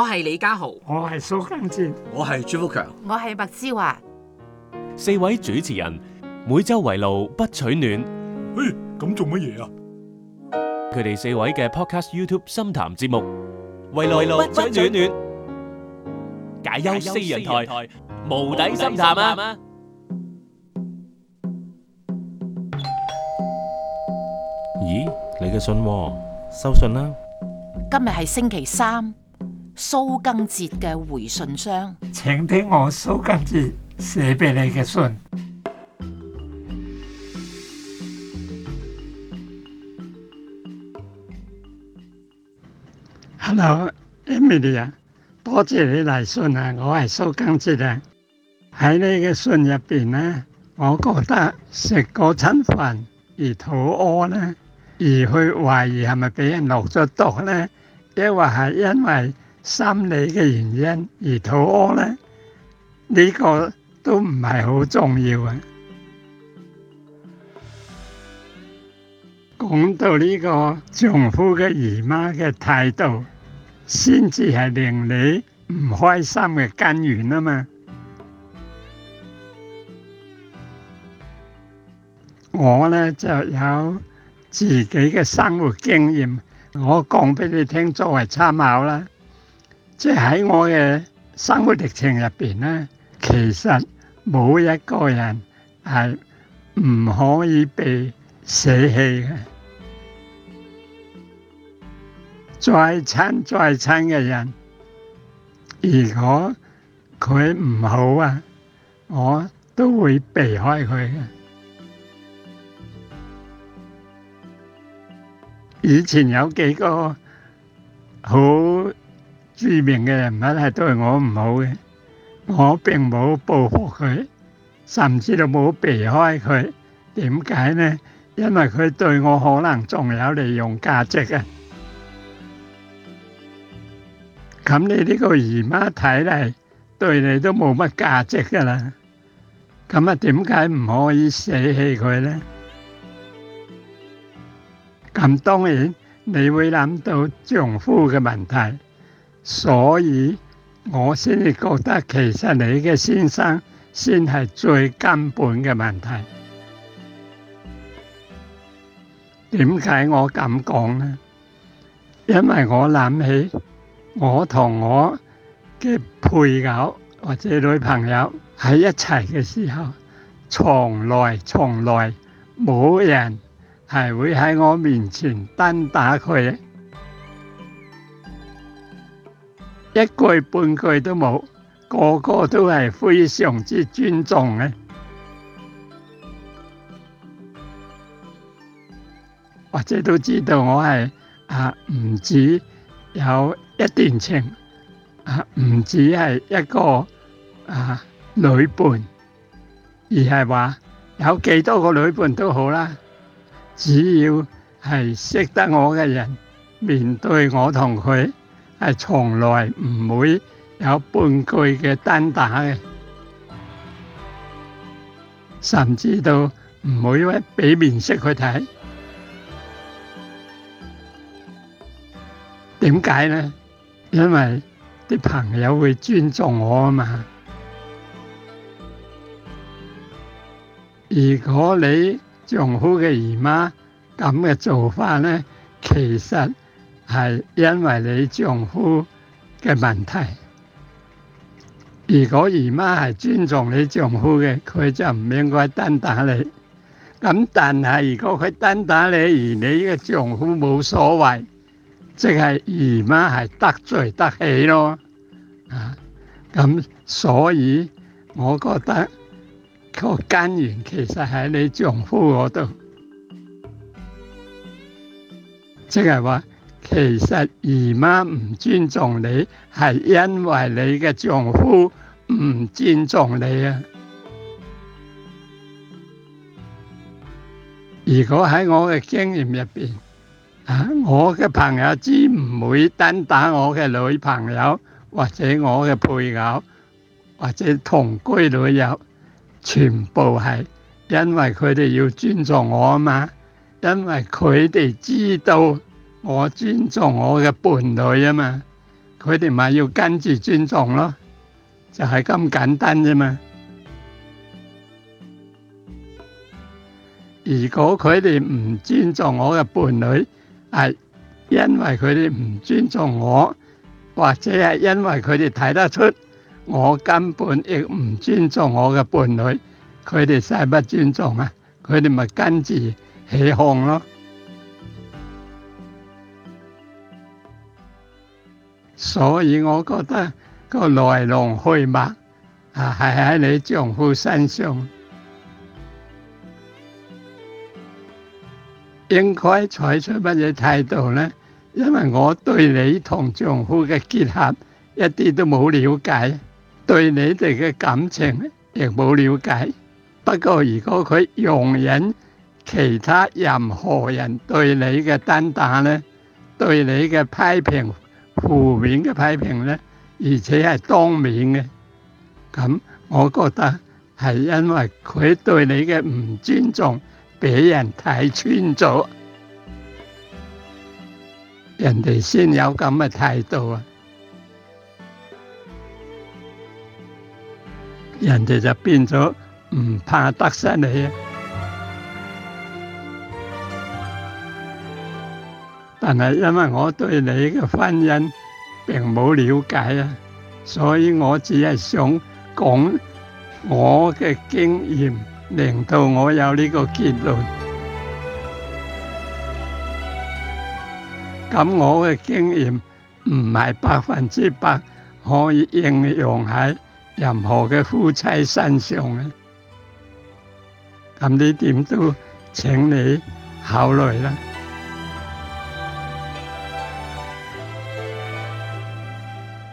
我係李家豪，我係蘇賡哲，我係朱福強，我係麥之華。四位主持人每周圍爐不取暖。嘿，咁做乜嘢啊？佢哋四位嘅 Podcast YouTube 深談節目，圍內爐不取暖，解憂四人台，無底深談啊！咦，你嘅信，收信啦。今日係星期三。蘇賡哲嘅回信箱，請聽我蘇賡哲寫俾你嘅信。Hello，Emily 啊，多謝你嚟信啊！我係蘇賡哲啊。喺呢個信入邊呢，我覺得食過餐飯而肚屙呢，而去懷疑係咪俾人落咗毒呢？抑或係因為？心理嘅原因，而肚屙呢，呢個都唔係好重要嘅。講到呢個丈夫嘅姨媽嘅態度，先至係令你唔開心嘅根源啊嘛。我呢就有自己嘅生活經驗，我講俾你聽，作為參考啦。即喺我嘅生活歷程入面呢，其實冇一個人係唔可以被捨棄嘅。再親再親嘅人，如果佢唔好啊，我都會避開佢。以前有幾個好著名嘅人物係對我唔好嘅，我並冇報復佢，甚至都冇避開佢。點解呢？因為佢對我可能仲有利用價值呀。咁你呢個姨媽睇嚟，對你都冇乜價值噶啦。咁啊，點解唔可以捨棄佢呢？咁當然你會諗到丈夫嘅問題。所以我先至覺得，其實你嘅先生先係最根本嘅問題。點解我噉講呢？因為我諗起我同我嘅配偶或者女朋友喺一齊嘅時候，從來從來冇人係會喺我面前單打佢。一句半句都冇，個個都係非常之尊重嘅，或者都知道我係啊唔止有一段情，啊唔止係一個啊女伴，而係話有幾多個女伴都好啦，只要係識得我嘅人面對我同佢，係從來唔會有半句嘅單打嘅，甚至到唔會俾面色佢睇。點解呢？因為啲朋友會尊重我嘛。如果你像好的姨媽這樣做法咧，其實係因為你丈夫嘅問題，如果姨媽係尊重你丈夫嘅，佢就唔應該單打你。咁但係如果佢單打你，而你嘅丈夫冇所謂，即係姨媽係得罪得起咯。啊，咁所以我覺得個根源其實喺你丈夫嗰度，即係話。其實姨媽唔尊重你，係因為你嘅丈夫唔尊重你啊！如果喺我嘅經驗入面，我嘅朋友之所以唔會單打我嘅女朋友，或者我嘅配偶，或者同居女友，全部係因為佢哋要尊重我啊嘛，因為佢哋知道。我尊重我嘅伴侶啊嘛，佢哋咪要跟住尊重咯，就係咁簡單啫嘛。如果佢哋唔尊重我嘅伴侶，係因為佢哋唔尊重我，或者係因為佢哋睇得出我根本亦唔尊重我嘅伴侶，佢哋使乜尊重呀，佢哋咪跟住起鬨咯。所以我覺得個來龍去脈啊，係喺你丈夫身上應該採取乜嘢態度呢？因為我對你同丈夫嘅結合一啲都冇了解，對你哋嘅感情亦冇了解。不過如果佢容忍其他任何人對你嘅單打呢，對你嘅批評，負面嘅批評咧，而且係當面嘅，咁我覺得係因為佢對你嘅唔尊重，俾人睇穿咗，人哋先有咁嘅態度啊，人哋就變咗唔怕得失你啊。但係，因為我對你嘅婚姻並冇瞭解啊，所以我只係想講我嘅經驗，令到我有呢個結論。咁我嘅經驗唔係百分之百可以應用喺任何嘅夫妻身上嘅。咁呢點都請你考慮啦。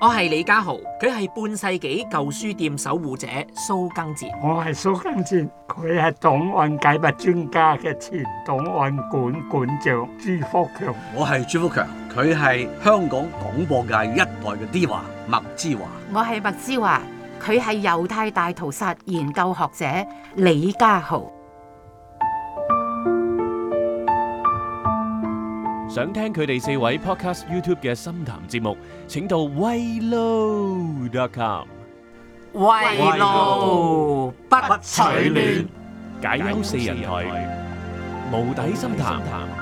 我係李家豪，佢係半世紀舊書店守護者蘇賡哲。蘇，我係蘇賡哲，佢係檔案解密專家嘅前檔案館館長朱福強。我係朱福強，佢係香港廣播界一代嘅 Diva 麥之華。我係麥之華，佢係猶太大屠殺研究學者李家豪。想聽佢哋四位 podcast YouTube 嘅深談節目，請到 wayloo.com。威路不取亂，解憂四人台，無底深談。